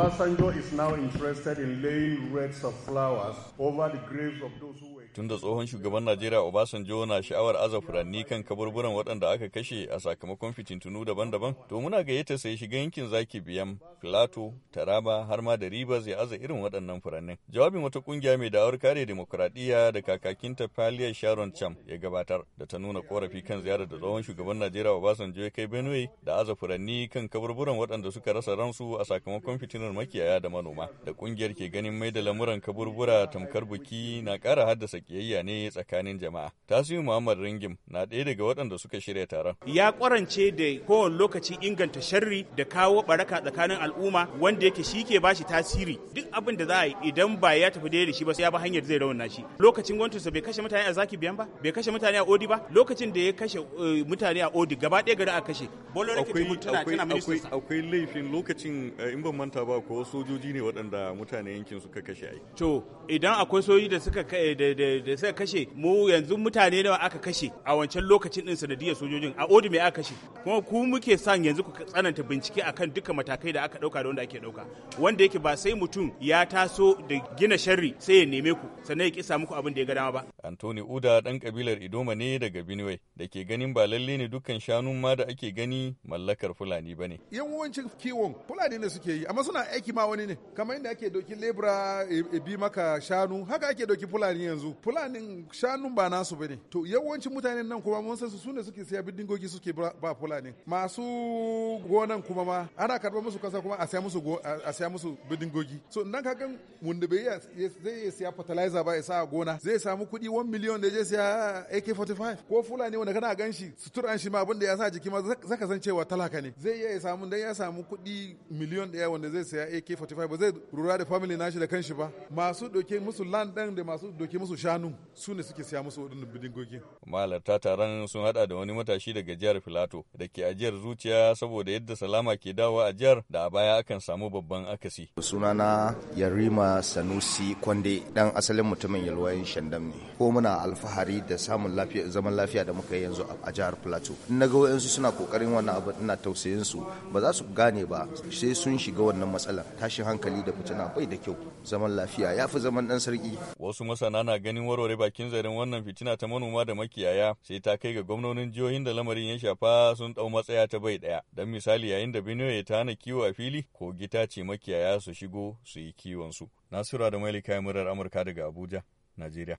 Obasanjo interested in laying wreaths of flowers over the graves of Tun da tsohon shugaban Najeriya Obasanjo na sha'awar aza furanni kan kaburburan waɗanda aka kashe a sakamakon fitintunu daban-daban, to muna gayyata sai shiga yankin zaki biyan Filato, Taraba har ma da Rivers ya aza irin waɗannan furannin. Jawabin wata ƙungiya mai da'awar kare demokuraɗiyya da kakakinta Paliya Sharon Cham ya gabatar da ta nuna korafi kan ziyarar da tsohon shugaban Najeriya Obasanjo ya kai Benue da aza furanni kan kaburburan waɗanda suka rasa ransu a sakamakon fitinar maganar makiyaya da manoma da kungiyar ke ganin mai da lamuran kaburbura tamkar buki na ƙara haddasa kiyayya ne tsakanin jama'a. tasiri Muhammad Ringim na ɗaya daga waɗanda suka shirya taron. Ya kwarance da kowane lokaci inganta sharri da kawo baraka tsakanin al'umma wanda yake shi ke bashi tasiri duk abin da za a yi idan ba ya tafi daidai da shi ba sai ya ba hanyar zai rauna shi. Lokacin gwamnatinsa bai kashe mutane a zaki biyan ba bai kashe mutane a odi ba lokacin da ya kashe eh, mutane a odi gaba ɗaya gari a kashe. Akwai laifin lokacin eh, in ban manta ba ko sojoji ne waɗanda mutane yankin suka kashe ai. To idan akwai sojoji eh, da suka kashe mu yanzu mutane nawa aka kashe a wancan lokacin din sanadiyar sojojin a odi mai aka kashe kuma ku muke son yanzu ku tsananta bincike akan duka matakai da aka ɗauka da wanda ake ɗauka wanda yake ba sai mutum ya taso da gina sharri sai ya neme ku sannan ya kisa muku abin da ya ga dama ba. Antoni Uda ɗan kabilar Idoma ne daga Benue da ke ganin ba lalle ne dukkan shanun ma da ake gani mallakar Fulani ba ne. Yawancin kiwon Fulani ne suke yi amma suna aiki ma wani ne kamar inda ake doki lebura e, e bi maka shanu haka ake doki Fulani yanzu Fulanin shanun ba nasu ba ne to yawancin mutanen nan kuma mun san su sune suke siya bindigogi suke ba Fulani masu gonan kuma ma ana karɓar musu kasa kuma a siya musu a siya musu bindigogi so nan kaga wanda bai bai zai siya fertilizer ba ya sa gona zai samu kuɗi 1 miliyon da ya je siya AK45 ko fulani wanda kana gan shi suturan shi ma abin da ya sa jiki ma zaka san cewa talaka ne zai iya samu dan ya samu kuɗi miliyon ɗaya wanda zai siya AK45 ba zai rura da family nashi da kanshi ba masu doke musu land ɗin da masu doke musu shanu su ne suke siya musu waɗannan bidingogi. Mahalarta taron sun hada da wani matashi daga jihar Filato da ke ajiyar zuciya saboda yadda salama ke dawo a jihar da a baya akan samu babban akasi. Sunana Yarima Sanusi Kwande dan asalin mutumin Yalwayin Shandam ne. Ko muna alfahari da samun lafiya zaman lafiya da muka yi yanzu a jihar plateau in na ga wayansu suna kokarin wannan abu ina tausayin su ba za su gane ba sai sun shiga wannan matsalar tashin hankali da fitina bai da kyau zaman lafiya ya fi zaman dan sarki wasu masana na ganin warware bakin zaren wannan fitina ta manoma da makiyaya sai ta kai ga gwamnonin jihohin da lamarin ya shafa sun dau matsaya ta bai daya dan misali yayin da Benue ya tana kiwo a fili ko gita ce makiyaya su shigo su yi kiwon su Nasura da Mailika murar Amurka daga Abuja Najeriya